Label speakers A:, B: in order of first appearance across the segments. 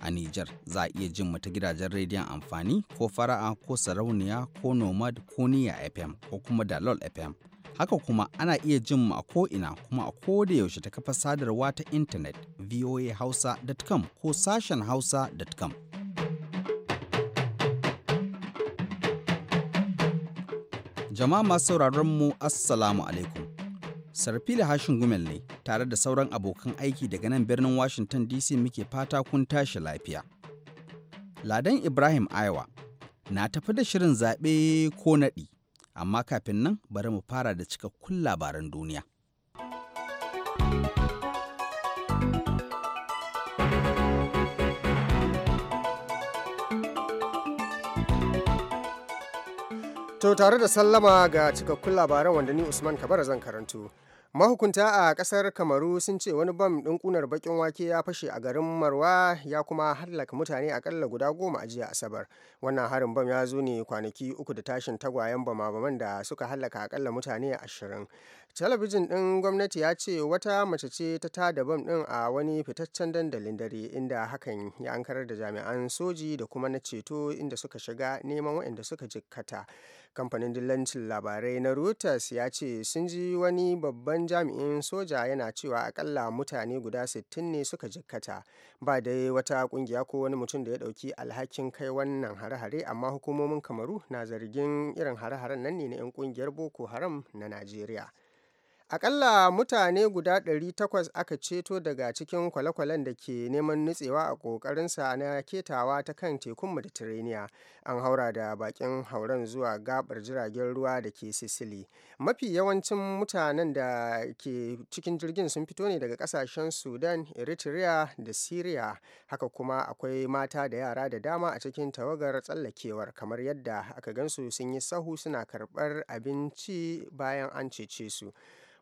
A: a Nijar za a iya jin mu ta gidajen rediyon amfani ko fara'a ko sarauniya ko nomad ko niya FM ko kuma dalol FM. Haka kuma ana iya jin mu a ina kuma a ko da yaushe ta kafa sadarwa ta intanet voahausa.com ko sashen hausa.com. Jama'a masu sauraron mu Assalamu alaikum. sarfila hashin gumelle tare da sauran abokan aiki daga nan birnin washington dc muke fata kun tashi lafiya ladan ibrahim aiwa na tafi da shirin zaɓe ko naɗi amma kafin nan bari mu fara da cikakkun labaran duniya
B: To tare da sallama ga cikakkun labaran wanda ni Usman Kabara zan karantu. mahukunta a kasar kamaru sun ce wani bam ɗin kunar bakin wake ya fashe a garin marwa ya kuma hallaka mutane akalla guda goma a jiya asabar wannan harin bam ya zo ne kwanaki uku da tashin tagwayen bama-baman da suka hallaka akalla mutane ashirin Talabijin ɗin gwamnati ya ce wata mace ce ta ta da bam ɗin a wani fitaccen dandalin dare inda hakan ya ankarar da jami'an soji da kuma na ceto inda suka shiga neman waɗanda suka jikkata. Kamfanin dillancin labarai na Reuters ya ce sun ji wani babban jami'in soja yana cewa akalla mutane guda 60 ne suka jikkata. Ba dai wata kungiya ko wani mutum da ya ɗauki alhakin kai wannan hare-hare amma hukumomin Kamaru na zargin irin hare-haren nan ne na 'yan kungiyar Boko Haram na Najeriya. Aƙalla mutane guda 800 aka ceto daga cikin kwale-kwalen da ke neman nutsewa a ƙoƙarinsa na ketawa ta kan tekun Mediterranean. An haura da bakin hauren zuwa gabar jiragen ruwa da ke Sicily. Mafi yawancin mutanen da ke cikin jirgin sun fito ne daga ƙasashen Sudan, Eritrea da syria Haka kuma akwai mata da yara da dama a cikin tawagar tsallakewar kamar yadda aka gansu sun yi sahu suna karɓar abinci bayan an cece su.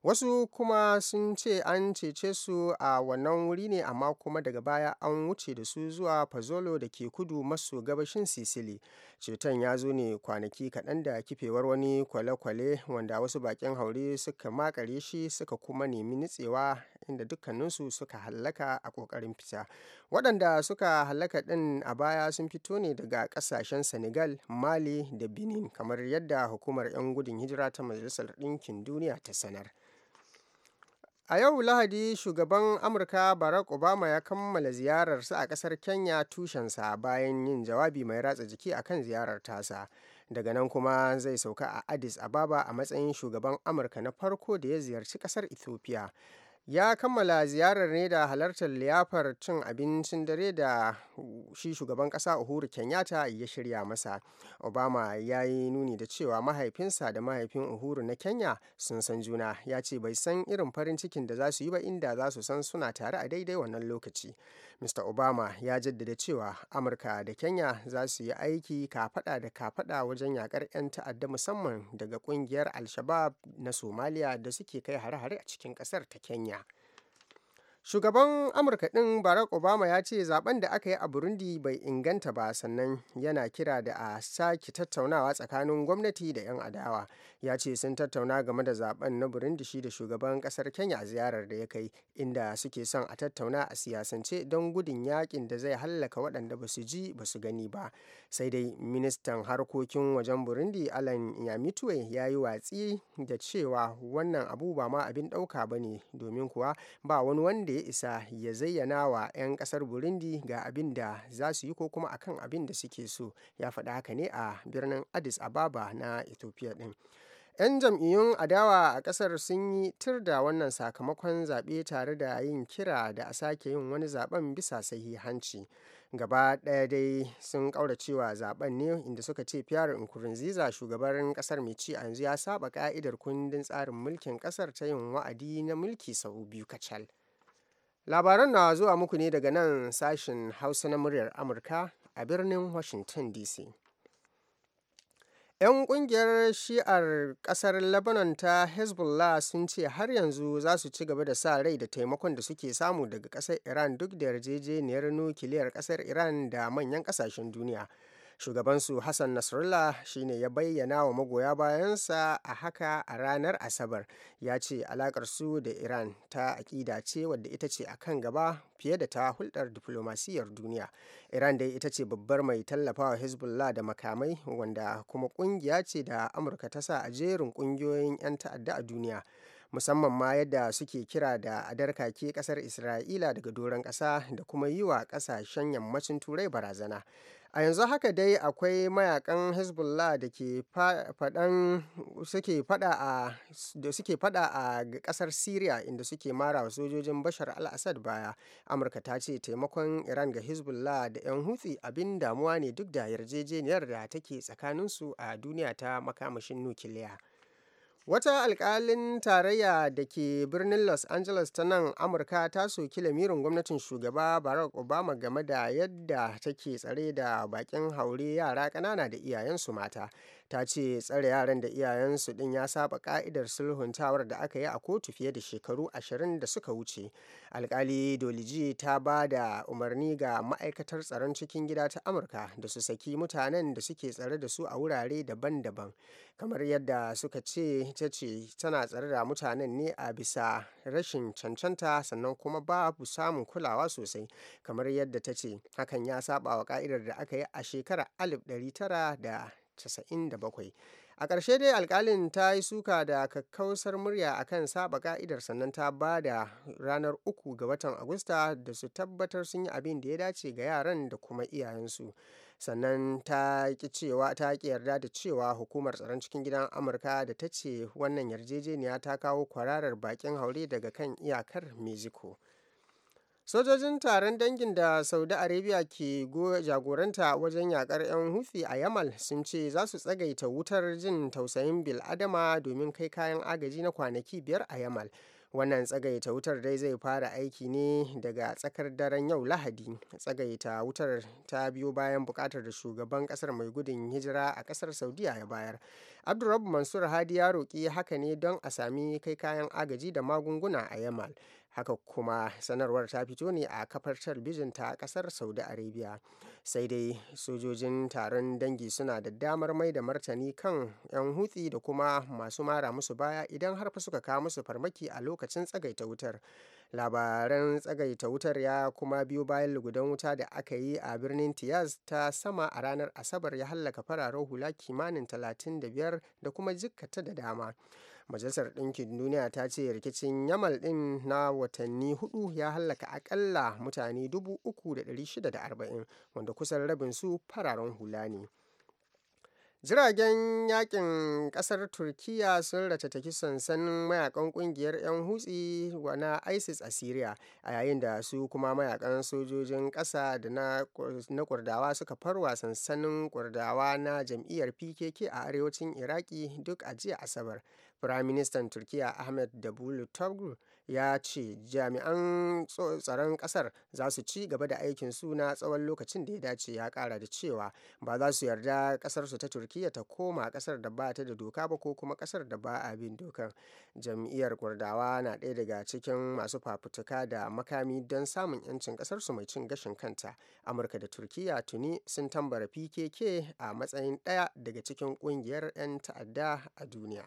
B: wasu kuma sun ce an cece su a wannan wuri ne amma kuma daga baya an wuce da su zuwa fazolo da ke kudu maso gabashin sisili ceton ya zo ne kwanaki kaɗan da kifewar wani kwale-kwale wanda wasu baƙin haure suka makare shi suka kuma nemi nitsewa inda dukkaninsu suka hallaka a ƙoƙarin fita waɗanda suka hallaka ɗin a baya sun fito ne daga ƙasashen senegal mali da benin kamar yadda hukumar 'yan gudun hijira ta majalisar ɗinkin duniya ta sanar A yau Lahadi, Shugaban Amurka Barack Obama ya kammala ziyararsa a ƙasar Kenya tushensa bayan yin jawabi mai ratsa jiki a kan ziyarar tasa. Daga nan kuma zai sauka a Addis Ababa a matsayin shugaban Amurka na farko da ya ziyarci ƙasar Ethiopia. ya kammala ziyarar ne da halartar liyafar cin abincin dare da shi shugaban kasa uhuru kenyatta ya shirya masa obama ya yi nuni da cewa mahaifinsa da mahaifin uhuru na kenya sun san juna ya ce bai san irin farin cikin da za su yi ba inda za su san suna tare a daidai wannan lokaci mr obama ya jaddada cewa amurka da kenya za su yi aiki kafada da kafada wajen yakar 'yan ta'adda musamman daga kungiyar al-shabab na somalia da suke kai hare-hare a cikin kasar ta kenya Shugaban Amurka ɗin Barack Obama ya ce zaben da aka yi a Burundi bai inganta ba sannan yana kira da a sake tattaunawa tsakanin gwamnati da 'yan adawa. Ya ce sun tattauna game da zaben na Burundi shi da shugaban ƙasar Kenya a ziyarar da ya kai inda suke son a tattauna a siyasance don gudun yakin da zai hallaka waɗanda ba su ji ba su gani ba. Sai dai ministan harkokin wajen Burundi Alan Yamitwe ya yi watsi da cewa wannan abu ba ma abin ɗauka ba ne domin kuwa ba wani wanda ya isa ya zayyana wa 'yan kasar burundi ga abin da za su yi ko kuma akan abin da suke so ya faɗa haka ne a birnin addis ababa na ethiopia ɗin 'yan jam'iyyun adawa a kasar sun yi tir da wannan sakamakon zaɓe tare da yin kira da a sake yin wani zaben bisa sahihanci gaba ɗaya dai sun ƙauracewa zaben ne inda suka ce fiyar nkurunziza shugaban ƙasar mai ci a yanzu ya saba ka'idar kundin tsarin mulkin ƙasar ta yin wa'adi na mulki sau biyu kacal labaran na zuwa muku ne daga nan sashen hausa na muryar amurka a birnin washington dc 'yan kungiyar shi'ar kasar lebanon ta hezbollah sun ce har yanzu za su ci gaba da sa rai da taimakon da suke samu daga kasar iran duk da yarjejeniyar nukiliyar kasar iran da manyan kasashen duniya shugabansu hassan nasrullah shine ya bayyana wa magoya bayansa a haka a ranar asabar ya ce alakar su da iran ta akida ce wadda ita ce a kan gaba fiye da ta hulɗar diflomasiyyar duniya iran dai ita ce babbar mai tallafawa hezbollah da makamai wanda kuma ƙungiya ce da amurka ta sa a jerin ƙungiyoyin 'yan ta'adda a duniya musamman ma yadda suke kira da adarka ke kasar isra'ila daga doron ƙasa da kuma yi wa ƙasashen yammacin turai barazana A yanzu haka dai akwai mayakan Hezbollah da ke faɗan suke faɗa a da ƙasar Syria inda suke mara wa sojojin Bashar al-Assad baya. Amurka ta ce taimakon Iran ga Hezbollah da 'yan hutsi abin damuwa ne duk da yarjejeniyar da take tsakaninsu a duniya ta makamashin nukiliya. Wata alkalin tarayya da ke birnin Los Angeles ta nan Amurka ta soki lamirin gwamnatin shugaba Barack Obama game da yadda take tsare da bakin haure yara ƙanana da iyayensu mata. ta ce tsare yaran da iyayensu din ya saba ka'idar sulhuntawar da aka yi a kotu fiye da shekaru ashirin da suka wuce alkali doliji ta ba da umarni ga ma'aikatar tsaron cikin gida ta amurka da su saki mutanen da suke tsare da su a wurare daban-daban kamar yadda suka ce ta ce tana tsare da mutanen ne a bisa rashin cancanta sannan kuma babu samun kulawa sosai kamar yadda ta ce hakan ya saba wa ka'idar da aka yi a shekarar 1900 a ƙarshe dai alkalin ta yi suka da kakkausar murya a kan saba ka'idar sannan ta ba da ranar uku ga watan agusta da su tabbatar sun yi abin da ya dace ga yaran da kuma iyayensu sannan ta ki cewa ta ki yarda da cewa hukumar tsaron cikin gidan amurka da ta ce wannan yarjejeniya ta kawo kwararar bakin haure daga kan iyakar mexico Sojojin taron dangin da Saudi Arabia ke jagoranta wajen yakar 'yan hufi a Yamal sun ce za su tsagaita wutar jin tausayin bil adama domin kai kayan agaji na kwanaki biyar a Yamal. wannan tsagaita wutar dai zai fara aiki ne daga tsakar daren yau lahadi tsagaita wutar ta biyo bayan bukatar da shugaban kasar mai gudun hijira a kasar saudiya ya bayar abdurrabu mansur hadi ya roƙi haka ne don a sami kai kayan agaji da magunguna a yamal haka kuma sanarwar ta fito ne a kafar talbijin ta kasar saudi arabia sai dai sojojin taron dangi suna da damar mai da martani kan 'yan hutsi da kuma masu mara musu baya idan har fa suka kawo musu farmaki a lokacin tsagaita wutar labaran tsagaita wutar ya kuma biyo bayan lugudan wuta da aka yi a birnin tiyaz ta sama a ranar asabar ya hallaka fararen hula kimanin 35 da kuma jikkata da dama majalisar ɗinkin duniya ta ce rikicin yamal ɗin na watanni hudu ya hallaka akalla mutane 3,640 wanda kusan rabin su fararen hula ne jiragen yakin kasar turkiya sun ratataki sansanin mayakan kungiyar 'yan hutsi na isis a syria a yayin da su kuma mayakan sojojin kasa da na kurdawa suka farwa sansanin kurdawa na jam'iyyar pkk a arewacin iraki duk a jiya asabar Firaministan Turkiyya Ahmed Davutoglu ya ce jami'an tsaron kasar za su ci gaba da aikin su na tsawon lokacin da ya dace ya kara da cewa ba za su yarda ƙasarsu ta Turkiyya ta koma kasar da ba ta da doka ba ko kuma kasar da ba a bin dokan. Jam'iyyar Kurdawa na ɗaya daga cikin masu fafutuka da makami don samun 'yancin ƙasarsu mai cin gashin kanta. Amurka da Turkiyya tuni sun tambara PKK a matsayin ɗaya daga cikin ƙungiyar 'yan ta'adda a duniya.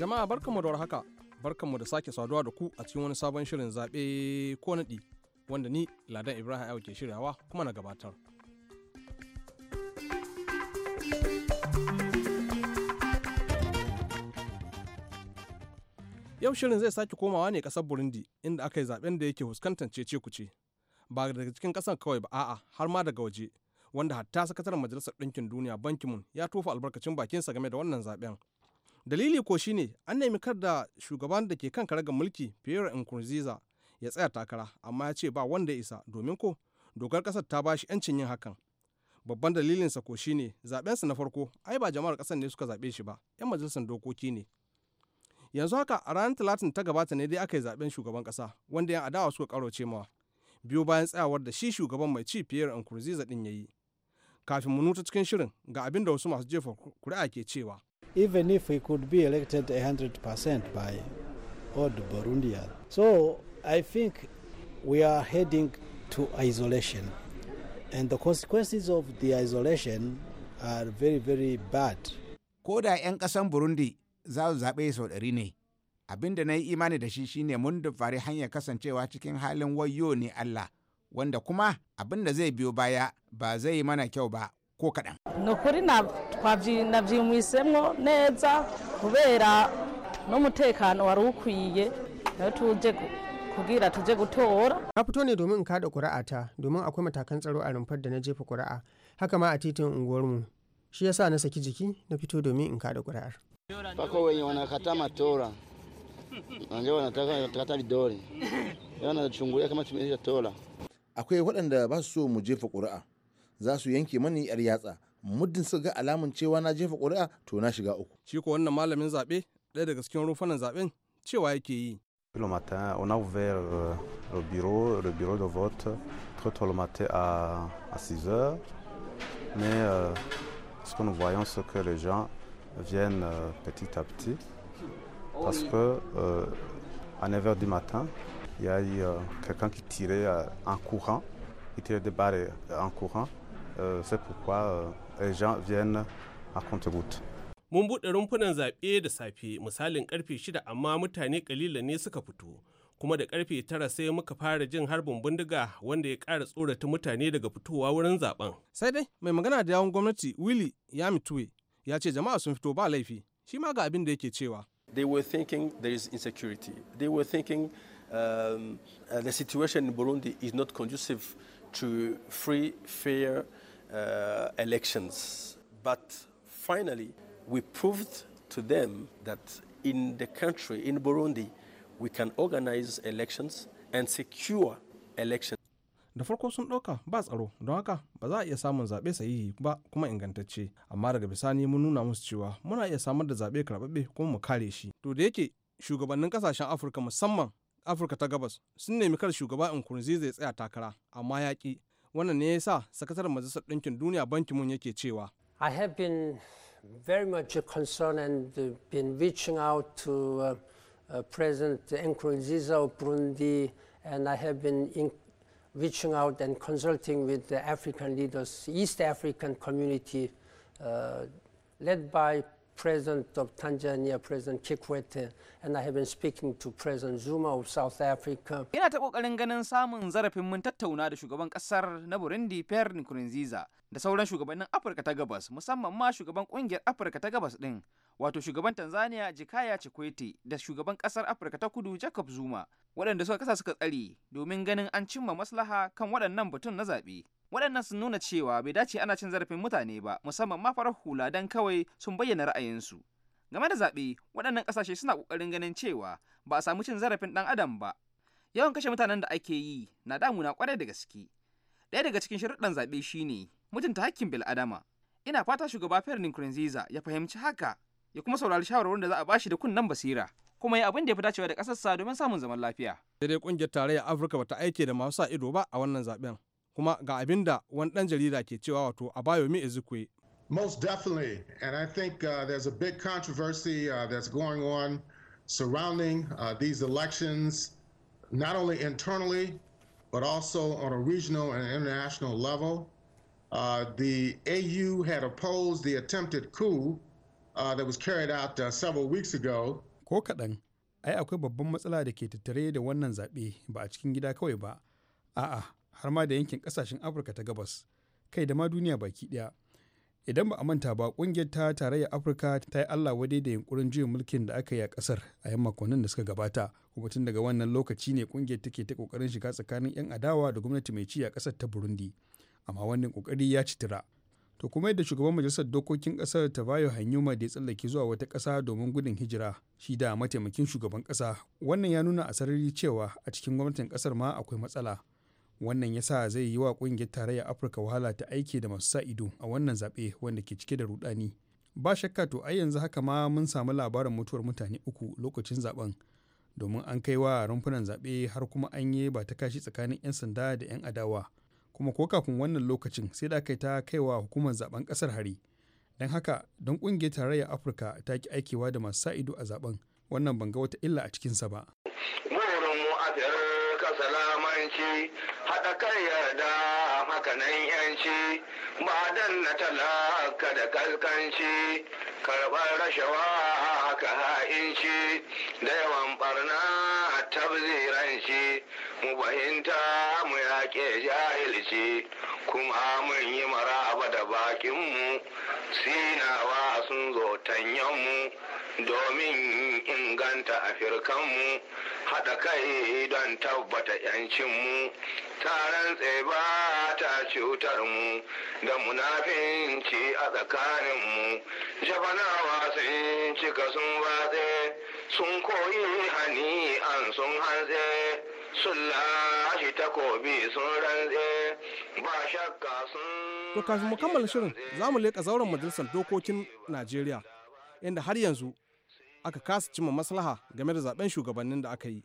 C: Jama'a barkanmu da haka barkanmu da sake saduwa da ku a cikin wani sabon shirin zaɓe ko naɗi wanda ni Ladan Ibrahim Ayo ke shiryawa kuma na gabatar. Yau shirin zai sake komawa ne ƙasar Burundi inda aka yi zaɓen da yake fuskantar cece ce Ba daga cikin ƙasar kawai ba a'a har ma daga waje wanda hatta sakataren majalisar ɗinkin duniya bankimun ya tofa albarkacin bakinsa game da wannan zaɓen. dalili ko shine an nemi kar da shugaban da ke kan karagar mulki pierre nkurunziza ya tsaya takara amma ya ce ba wanda ya isa domin ko dogar kasar ta ba bashi yancin yin hakan babban dalilinsa ko shine zaɓensa na farko ai ba jama'ar kasar ne suka zaɓe shi ba yan majalisar dokoki ne yanzu haka a ranar talatin ta gabata ne dai aka yi zaɓen shugaban ƙasa wanda yan adawa suka ce mawa biyo bayan tsayawar da shi shugaban mai ci pierre nkurunziza din ya yi kafin mu nuta cikin shirin ga abin da wasu masu jefa kuri'a ke cewa
D: even if he could be elected 100% by all the Burundians. So I think we are heading to isolation, and the consequences of the isolation are very, very bad. Ko da 'yan ƙasan Burundi za su zaɓe sau ɗari ne, abin da na yi imani da shi shine mun dufari hanyar kasancewa cikin halin wayo ne Allah, wanda kuma abin da zai biyo baya ba zai yi mana kyau ba ko kaɗan.
E: na kuri nabyimwisemo neza kubera n'umutekano wari ukwiye niyo tuje kugira tuje
B: gutora. na fito ne domin in kada ta domin akwai matakan tsaro a rumfar da na jefa kuri'a haka ma a titin unguwar mu shi yasa na saki jiki na fito domin in kada kuri'ar. wani wenye wanakata matora wani wanataka kata vidole yana da chungulia kama tumesha tora.
C: akwai waɗanda ba su so mu jefa ƙuri'a Le
A: matin, on a ouvert euh, le bureau, le bureau de vote très tôt le matin à, 6 h Mais euh, ce que nous voyons, c'est que les gens viennent euh, petit à petit. Parce que à 9 h du matin, il y a eu quelqu'un qui tirait en courant, il tirait des barres en courant. Euh, c'est pourquoi euh, les gens viennent à compte goutte
C: Mun buɗe rumfunan zaɓe da safe misalin karfe shida amma mutane kalila ne suka fito. Kuma da ƙarfe tara sai muka fara jin harbin bindiga wanda ya ƙara tsorata mutane daga fitowa wurin zaben. Sai dai mai magana da yawon gwamnati Willy Yamituwe ya ce jama'a sun fito ba laifi shi ma ga abin da yake cewa.
A: They were thinking there is insecurity. They were thinking um, uh, the situation in Burundi is not conducive to free, fair, uh, elections. But finally, we proved to them that in the country, in Burundi, we can organize elections and secure elections.
C: da farko sun ɗauka ba tsaro don haka ba za a iya samun zaɓe sahihi ba kuma ingantacce amma daga bisani mun nuna musu cewa muna iya samar da zaɓe karɓaɓɓe kuma mu kare shi to da yake shugabannin ƙasashen afirka musamman afirka ta gabas sun nemi kar shugaba in nkurunziza ya tsaya takara amma ya wannan ne ya sa majalisar ɗinkin duniya banki mun yake cewa
B: i have been very much concerned and been reaching out to uh, uh, president nkurunziza of burundi and i have been in reaching out and consulting with the african leaders east african community uh, led by President of Tanzania, President Kikwete, and I have been speaking to President Zuma of South Africa.
A: ina ta kokarin ganin samun zarafin mun tattauna da shugaban kasar na Burundi Pierre Nkurunziza da sauran shugabannin Afirka ta Gabas, musamman ma shugaban kungiyar Afirka ta Gabas din, wato shugaban Tanzania Jikaya Kikwete da shugaban kasar Afirka ta Kudu Jacob Zuma, waɗanda suka kasa suka tsare domin ganin an cimma maslaha kan waɗannan batun na zaɓe. waɗannan sun nuna cewa bai dace ana cin zarafin mutane ba musamman ma farar hula don kawai sun bayyana ra'ayinsu game da zaɓe waɗannan ƙasashe suna ƙoƙarin ganin cewa ba a samu cin zarafin ɗan adam ba yawan kashe mutanen da ake yi na damuna ƙwarai da gaske ɗaya daga cikin shirɗan zaɓe shine mutunta hakkin bil'adama ina fata shugaba pierre nkurunziza ya fahimci haka ya kuma saurari shawarwarin da za a bashi da kunnen basira kuma ya abin da ya fi dacewa da ƙasarsa domin samun zaman lafiya. Sai dai ƙungiyar tarayyar Afirka
C: bata aike da masu sa ido ba a wannan zaɓen. kuma ga abin da wani ɗan jarida ke cewa wato ezekwe Most definitely. And I think uh, there's a big controversy uh, that's going on surrounding uh, these elections, not only internally, but also on a regional and international level. Uh, the AU had opposed the attempted coup uh, that was carried out uh, several weeks
D: ago. Ko kaɗan, ai akwai babban matsala da ke tattare da wannan zaɓe ba a cikin gida kawai ba. A'a, har ma da yankin kasashen afirka ta gabas kai da ma duniya baki ɗaya idan ba a manta ba ƙungiyar ta tarayyar afirka ta yi allah wade da yunkurin juyin mulkin da aka yi a ƙasar a yan makonnin da suka gabata kuma tun daga wannan lokaci ne kungiyar take ta kokarin shiga tsakanin yan adawa da gwamnati mai ci a kasar ta burundi amma wannan kokari ya ci tira to kuma yadda shugaban majalisar dokokin Ƙasar kasar baya hanyuma da ya tsallake zuwa wata kasa domin gudun hijira shi da mataimakin shugaban ƙasa wannan ya nuna a sarari cewa a cikin gwamnatin kasar ma akwai matsala wannan ya sa zai yi wa kungiyar tarayyar afirka wahala ta aiki da masu sa ido a wannan zaɓe wanda ke cike da rudani ba shakka to ai yanzu haka ma mun samu labarin mutuwar mutane uku lokacin zaben domin an kai wa rumfunan zaɓe har kuma an yi ba ta kashi tsakanin 'yan sanda da 'yan adawa kuma ko kafin wannan lokacin sai da kai ta kaiwa hukumar zaben ƙasar hari don haka don ƙungiyar tarayyar afirka ta ki aikewa da masu sa ido a zaben wannan ban ga wata illa a cikinsa ba
A: yanci haɗa kai yarda makanan yanci ba dan na talaka da kalkanci karɓar rashawa haka ha'inci da yawan barna tabziranci mu fahimta mu yaƙe jahilci kuma mun yi maraba da bakinmu sinawa sun zo tanyanmu domin inganta afirkanmu haɗa kai don tabbata mu taron ba ta cutar mu da munafinci a tsakaninmu jabanawa sun cika sun watse sun koyi hani an sun hantse sun lashe takobi sun rantse ba shakka sun
C: to kafin mu kammala shirin za mu leƙa zauren majalisar dokokin najeriya inda har yanzu aka kasa cimma maslaha game da zaben shugabannin da aka yi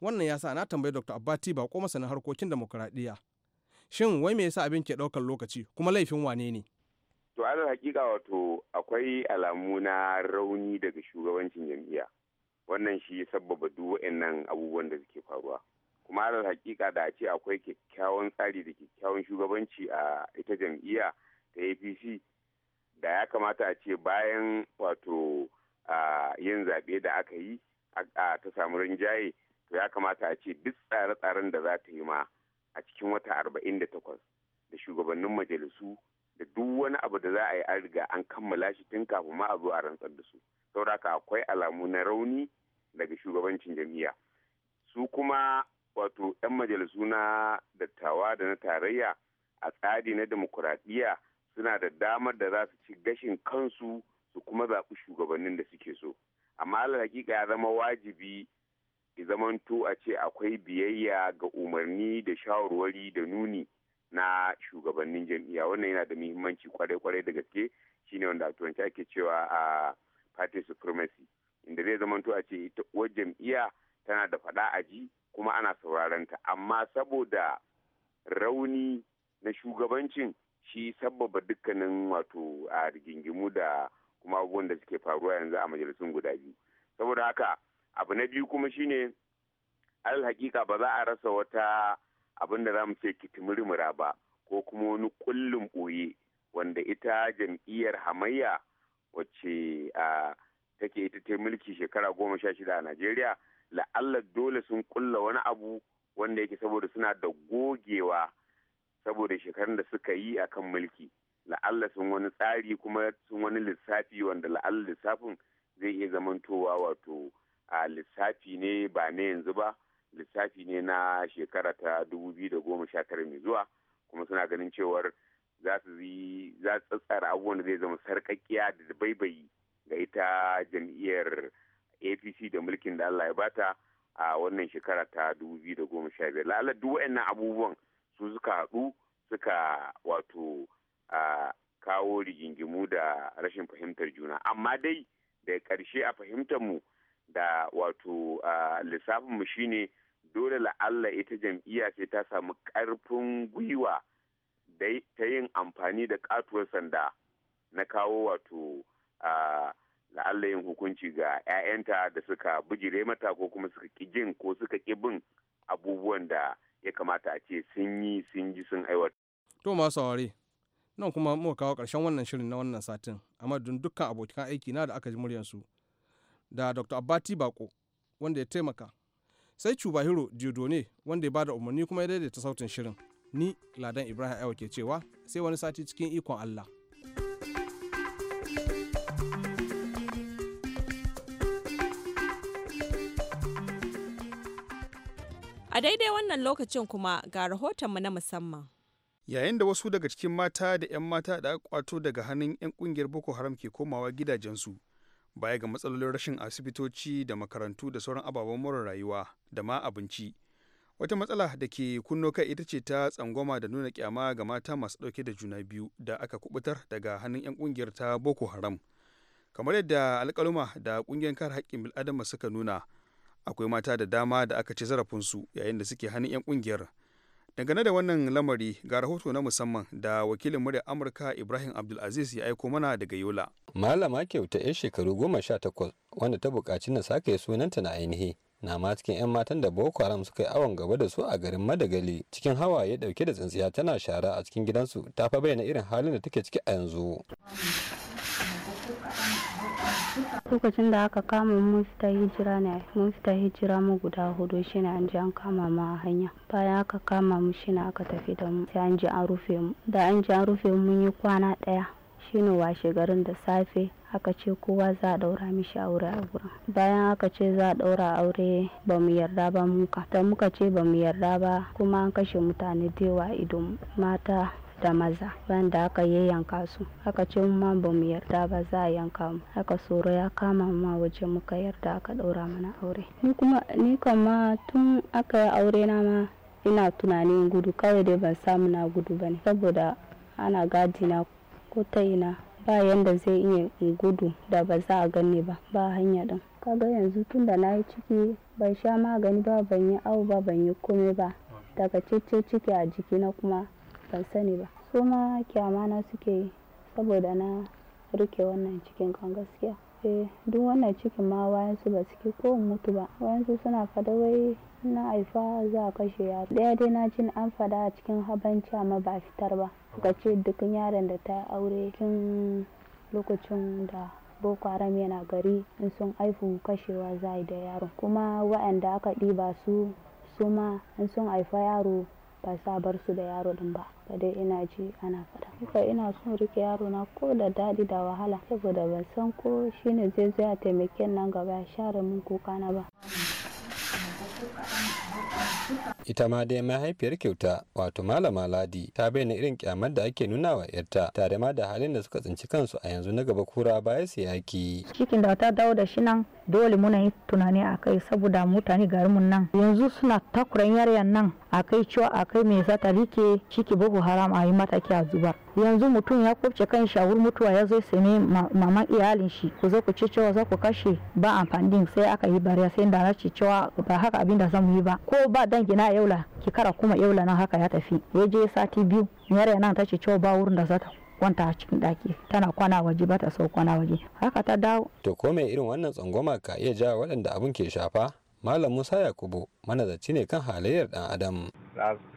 C: wannan ya sa na tambayi dr abbati bako masanin harkokin demokuraɗiyya shin wai me yasa abin ke ɗaukar lokaci kuma laifin wane
F: ne to alal hakika wato akwai alamu na rauni daga shugabancin jam'iyya wannan shi sabbaba duk waɗannan abubuwan da suke faruwa kuma alal hakika da a ce akwai kyakkyawan tsari da kyakkyawan shugabanci a ita jam'iyya ta apc da ya kamata a ce bayan wato A yin zaɓe da aka yi a ta samu rinjaye to ya kamata a ce duk tsare-tsaren da za ta yi ma a cikin wata arba'in da takwas da shugabannin majalisu da duk wani abu da za a yi an riga an kammala shi tun kafin ma a zo a rantsar da su sauraka akwai alamu na rauni daga shugabancin jami'a. su kuma wato 'yan majalisu na dattawa da na tarayya a tsari na demokuraɗiyya suna da damar da za su ci gashin kansu su kuma zaɓi shugabannin da suke so amma alal hakika ya zama wajibi zamanto a ce akwai biyayya ga umarni da shawarwari da nuni na shugabannin jam'iyya wannan yana da muhimmanci kwarai-kwarai da gaske shine wanda a turanci ake cewa a party supremacy inda zai zamanto a ce ita uwar jam'iyya tana da faɗa a ji kuma ana sauraron ta amma saboda rauni na shugabancin shi sabbaba dukkanin wato a rigingimu da kuma abubuwan da suke faruwa yanzu a majalisun guda biyu saboda haka abu na biyu kuma shine al hakika ba za a rasa wata abin da za mu ce kitimirmira ba ko kuma wani kullum ɓoye wanda ita jam'iyyar hamayya wacce take ita ta mulki shekara goma sha shida a najeriya la'alla dole sun kulla wani abu wanda yake saboda suna da gogewa saboda shekarun da suka yi akan mulki la'alla sun wani tsari kuma sun wani lissafi wanda la'alla lissafin zai iya zamantowa wato a lissafi ne ba na yanzu ba lissafi ne na shekara ta 2019 mai zuwa kuma suna ganin cewar za su yi za su tsatsara abubuwan da zai zama sarƙaƙƙiya da baibayi ga ita jam'iyyar apc da mulkin da allah ya bata a wannan shekara ta 2015 la'alla duk waɗannan abubuwan su suka haɗu suka wato a kawo rigingimu da rashin fahimtar juna amma dai da ƙarshe a fahimtar mu da wato lissafin shine dole la'alla ita jam'iyya sai ta samu ƙarfin gwiwa ta yin amfani da katuwar sanda na kawo wato la'alla yin hukunci ga 'ya'yanta da suka bijire mata ko kuma suka jin ko suka ƙi bin abubuwan da ya kamata a ce sun yi sun ji sun aiwata.
C: To masu nan kuma muka kawo ƙarshen wannan shirin na wannan satin a madadin dukkan abokan aiki na da aka ji su da dr abati bako wanda ya taimaka sai cubahiro diodone wanda ya bada umarni kuma ya daidaita sautin shirin ni ladan ibrahim aiwa ke cewa sai wani sati cikin ikon allah
E: A daidai wannan lokacin kuma ga rahotonmu na musamman.
D: yayin da wasu daga cikin mata da 'yan mata da aka kwato daga hannun 'yan kungiyar boko haram ke komawa gidajensu baya ga matsalolin rashin asibitoci da makarantu da sauran ababen more rayuwa da ma abinci wata matsala da ke kunno kai ita ce ta tsangwama da nuna kyama ga mata masu dauke da juna biyu da aka kubutar daga hannun 'yan kungiyar ta boko haram kamar yadda alkaluma da kungiyar kar haƙƙin bil'adama suka nuna akwai mata da dama da aka ci zarafinsu yayin da suke hannun 'yan kungiyar Dangane da wannan lamari ga rahoto na musamman da wakilin murya Amurka Ibrahim Abdulaziz ya aiko mana daga Yola. Malama kyauta 'yar shekaru goma sha
G: takwas wanda ta bukaci na sake sunanta na ainihi. na ma cikin 'yan matan da boko haram suka yi awon gaba da su a garin madagali cikin hawaye dauke da tsintsiya tana shara a cikin gidansu ta fa bayyana irin halin da take ciki a yanzu
E: lokacin da aka kama mun fita hijira ne mun fita hijira mu guda hudu shi ne an ji an kama mu a hanya bayan aka kama mu ne aka tafi da mu sai an ji an rufe mu da an ji an rufe mu mun yi kwana daya shine washe garin da safe aka ce kowa za a daura mishi aure a gurin bayan aka ce za a daura aure ba mu yarda ba muka da muka ce ba mu yarda ba kuma an kashe mutane da yawa idon mata da maza wanda aka yi yanka su aka ce ma ba mu yarda ba za a yanka mu aka tsoro ya kama ma waje muka yarda aka ɗaura mana aure ni kuma ni kama tun aka yi aure na ma ina tunanin gudu kawai dai ban samu na gudu ba ne saboda ana gadi na ko ta ina ba yanda zai iya gudu da ba za a gani ba ba hanya din kaga yanzu tun da na yi ciki ban sha magani ba ban yi awo ba ban yi komai ba daga cece ciki a jiki na kuma ban sani ba su ma kyamana suke yi saboda na rike wannan cikin kan gaskiya eh duk wannan cikin ma wayansu ba suke ko mutu ba wayansu suna fada wai na haifa za a kashe yaro daya dai na jin an fada a cikin habanci amma ba fitar ba suka ce dukkan yaron da ta aure cikin lokacin da boko haram yana gari in sun haifu kashewa za da yaron kuma waɗanda aka ɗiba su su ma in sun haifa yaro ba sa bar su da yaro din ba ba dai ina ji ana faɗa kuka ina son rike yaro na ko da dadi da wahala saboda ban san ko shine zai zai taimake nan gaba ya share mun kuka na ba
G: ita ma dai mahaifiyar kyauta wato malama ladi ta bayyana irin kyamar da ake nuna wa yarta tare ma da halin da suka tsinci kansu a yanzu na gaba kura baya su yaki
E: cikin da ta dawo da shi nan dole muna yi tunani a kai saboda mutane garinmu nan yanzu suna takuran yaryan nan a kai ciwo a kai mai zata rike ciki ki haram a yi mataki a zubar yanzu mutum ya kubce kan shawur mutuwa ya zo ne mamman iyalin shi ku zo ku ce cewa za ku kashe ba amfanin sai aka yi bariya sai da na ce cewa ba haka abin da zamu yi ba ko ba dangina yaula ki kara kuma yaula nan haka ya tafi ya je sati biyu yare nan ta ce cewa ba wurin da za ta kwanta a cikin daki tana kwana waje ba ta so kwana waje haka ta dawo
G: to ko me irin wannan tsangwama ka iya ja waɗanda abin ke shafa Malam Musa Yakubu manazarci ne kan halayyar dan Adam.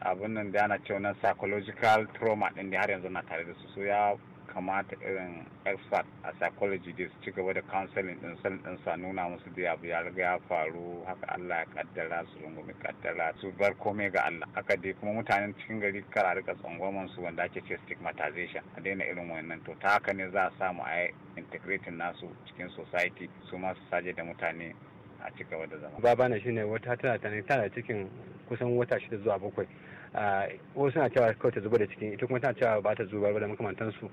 F: Abin nan da ana cewa na psychological trauma din da har yanzu na tare da su so ya kamata irin expert a psychology da su ci gaba da counseling din san din sa nuna musu da abu ya riga ya faru haka Allah ya kaddara su rungumi kaddara su bar komai ga Allah haka dai kuma mutanen cikin gari kara rika tsangwaman su wanda ake ce stigmatization a daina irin wannan to ta haka ne za a samu a integrating nasu cikin society su ma saje da mutane a cika gaba da zama
G: bana shine wata tana tana cikin kusan wata shida zuwa bakwai wasu suna cewa kawai ta zuba da cikin ita kuma tana cewa ba ta zuba ba da makamantansu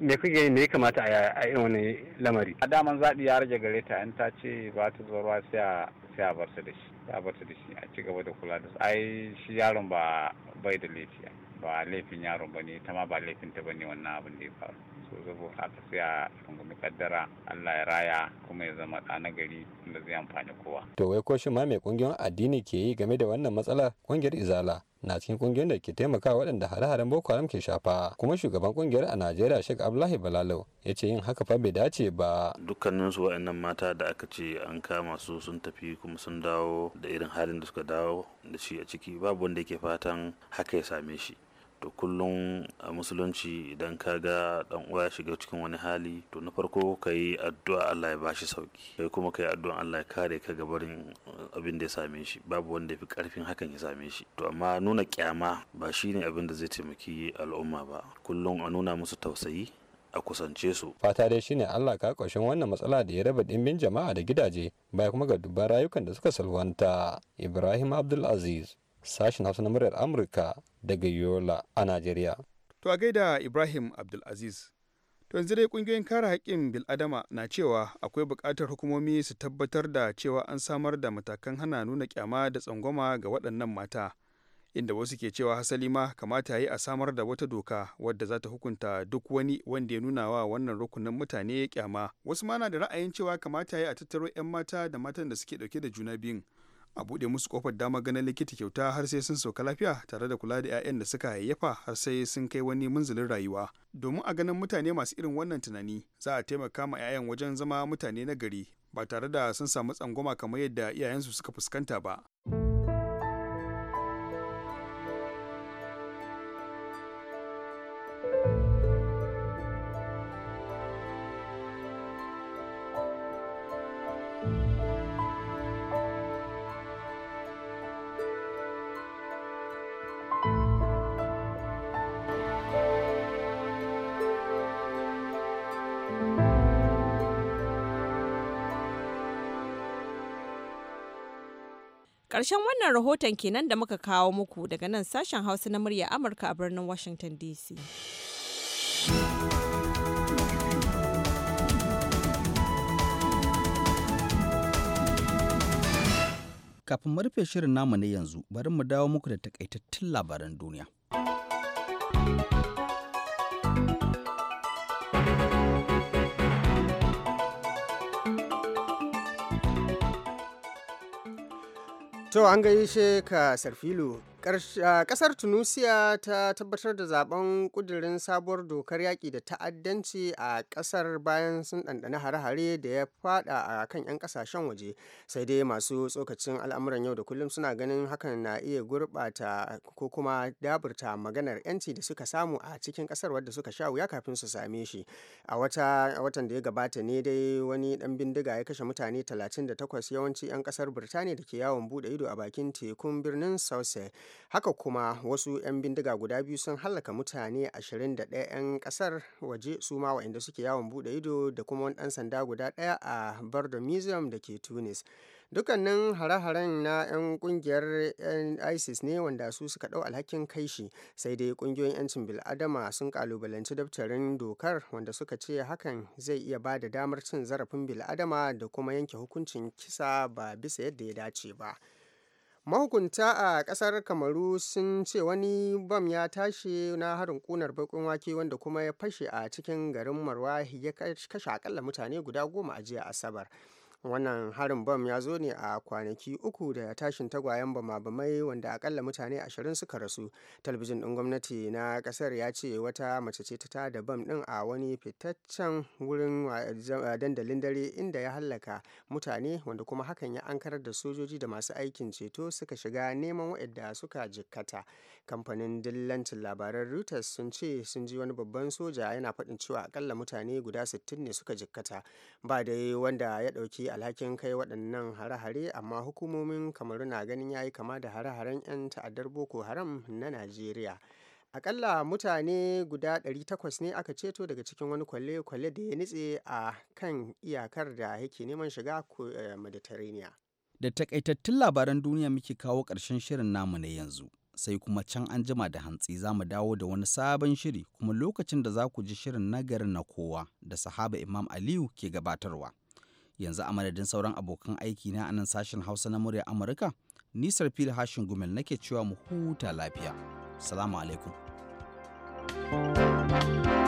G: me kuke me ya kamata a irin wani lamari
F: a daman zaɓi ya rage gare ta in ta ce ba ta zuwa sai a sai a bar ta da shi sai a bar ta da shi a ci gaba da kula da su ai shi yaron ba bai da laifi ba laifin yaron ba ne ta ma ba laifin ta ba ne wannan abin da ya faru so saboda haka tafiya a gumi kaddara Allah ya raya kuma ya zama da na gari da zai amfani kowa.
G: To wai ko shi ma mai kungiyoyin addini ke yi game da wannan matsala kungiyar Izala na cikin kungiyar da ke taimaka waɗanda hare-haren Boko Haram ke shafa kuma shugaban kungiyar a Najeriya Sheikh Abdullahi Balalau ya ce yin haka fa bai dace ba
D: dukkanin su waɗannan mata da aka ce an kama su sun tafi kuma sun dawo da irin halin da suka dawo da shi a ciki babu wanda yake fatan haka ya same shi to kullum a musulunci idan ka ga dan uwa ya shiga cikin wani hali to na farko ka yi addu'a Allah ya bashi sauki kai kuma ka yi addu'a Allah ya kare ka ga barin uh, abin da ya same shi babu wanda ya fi karfin hakan ya same shi to amma nuna kyama ba shine abin da zai taimaki al'umma ba kullum a nuna musu tausayi a kusance su.
G: Fata dai shine Allah ka ƙoshin wannan matsala da ya raba ɗimbin jama'a da gidaje baya kuma ga dubban rayukan da suka salwanta. Ibrahim Abdulaziz, sashen hausa na muryar amurka daga yola a najeriya
D: to a gaida ibrahim abdulaziz to yanzu dai kungiyoyin kare haƙƙin biladama na cewa akwai buƙatar hukumomi su tabbatar da cewa an samar da matakan hana nuna kyama da tsangwama ga waɗannan mata inda wasu ke cewa hasali ma kamata ya yi a samar da wata doka wadda za ta hukunta duk wani wanda ya nuna wa wannan rukunin mutane ya kyama wasu ma na da ra'ayin cewa kamata yi a tattaro 'yan mata da matan da suke ɗauke da juna biyun a buɗe musu kofar dama ganin likita kyauta har sai sun sauka lafiya tare da kula da 'ya'yan da suka hayayyafa har sai sun kai wani munzulin rayuwa domin a ganin mutane masu irin wannan tunani za a taimaka ma 'ya'yan wajen zama mutane na gari ba tare da sun samu tsangwama kamar yadda iyayensu suka fuskanta ba.
E: Ƙarshen wannan rahoton kenan da muka kawo muku daga nan sashen Hausa na murya Amurka a birnin Washington DC.
A: Kafin mu rufe shirin namu na yanzu, bari mu dawo muku da takaitattun labaran duniya.
B: To an gaishe ka Sarfilu Kasar Tunisia ta tabbatar da zaben kudirin sabuwar dokar yaƙi da ta'addanci a kasar bayan sun ɗanɗana hare-hare da ya fada a kan 'yan kasashen waje sai dai masu tsokacin al'amuran yau da kullum suna ganin hakan na iya gurɓata ko kuma daburta maganar 'yanci da suka samu a cikin kasar wadda suka sha wuya kafin su same shi a watan da ya gabata ne dai wani ɗan bindiga ya kashe mutane 38 yawanci 'yan kasar Birtaniya da ke yawon buɗe ido a bakin tekun birnin Sauce haka kuma wasu 'yan bindiga guda biyu sun hallaka mutane 21 'yan kasar waje su ma wa'inda suke yawon bude ido da kuma wani dan sanda guda ɗaya a bardo museum da ke tunis dukkanin hare-haren na 'yan kungiyar isis ne wanda su suka dau alhakin kai shi sai dai kungiyoyin 'yancin bil'adama sun kalubalanci daftarin dokar wanda suka ce hakan zai iya ba da damar cin zarafin bil'adama da kuma yanke hukuncin kisa ba bisa yadda ya dace ba. Mahukunta a kasar Kamaru sun ce wani bam ya tashi na harin ƙunar baƙin wake wanda kuma ya fashe a cikin garin Marwa ya kashe akalla mutane guda goma a jiya Asabar. wannan harin bom ya zo ne a kwanaki uku da tashin tagwayen bama-bamai wanda akalla mutane ashirin suka rasu talabijin ɗin gwamnati na ƙasar ya ce wata mace ce ta da bom ɗin a wani fitaccen wurin dandalin dare inda ya hallaka mutane wanda kuma hakan ya ankarar da sojoji da masu aikin ceto suka shiga neman waɗanda suka jikkata kamfanin dillancin labaran reuters sun ce sun ji wani babban soja yana faɗin cewa akalla mutane guda 60 ne suka jikkata ba dai wanda ya ɗauki alhakin kai waɗannan hare-hare amma hukumomin kamaru na ganin ya yi kama da hare-haren 'yan ta'addar boko haram na najeriya akalla mutane guda 800 ne aka ceto daga cikin wani kwale-kwale da ya nitse a kan iyakar da yake neman shiga eh, mediterranean
A: da takaitattun labaran duniya muke kawo ƙarshen shirin namu na yanzu sai kuma can an jima da hantsi za mu dawo da wani sabon shiri kuma lokacin da za ku ji shirin nagari na kowa da sahaba Imam Aliyu ke gabatarwa. Yanzu a madadin sauran abokan aiki na anan sashen Hausa na murya Amurka, nisar fili hashin gumel nake cewa mu huta lafiya. Salamu alaikum. thank you